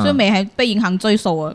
所以，尾係被銀行追數啊！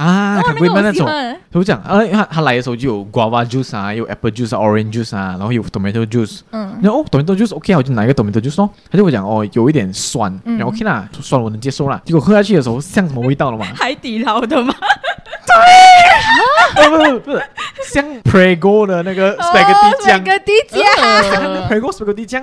啊，很貴嗎？那種，所，我講，哈，他嚟嘅時候就有 guava juice 啊，有 apple juice 啊，orange juice 啊，然後有 tomato juice。嗯。然後哦，tomato juice，O K 啊，我就拿一個 tomato juice 咯。他就會講，哦，有一點酸，然後 O K 啦，酸我能接受啦。結果喝下去嘅時候，像什麼味道的嘛？海底撈的嘛？對。不是不是，像 Prego 嘅那個 spaghetti 的醬。spaghetti 的醬。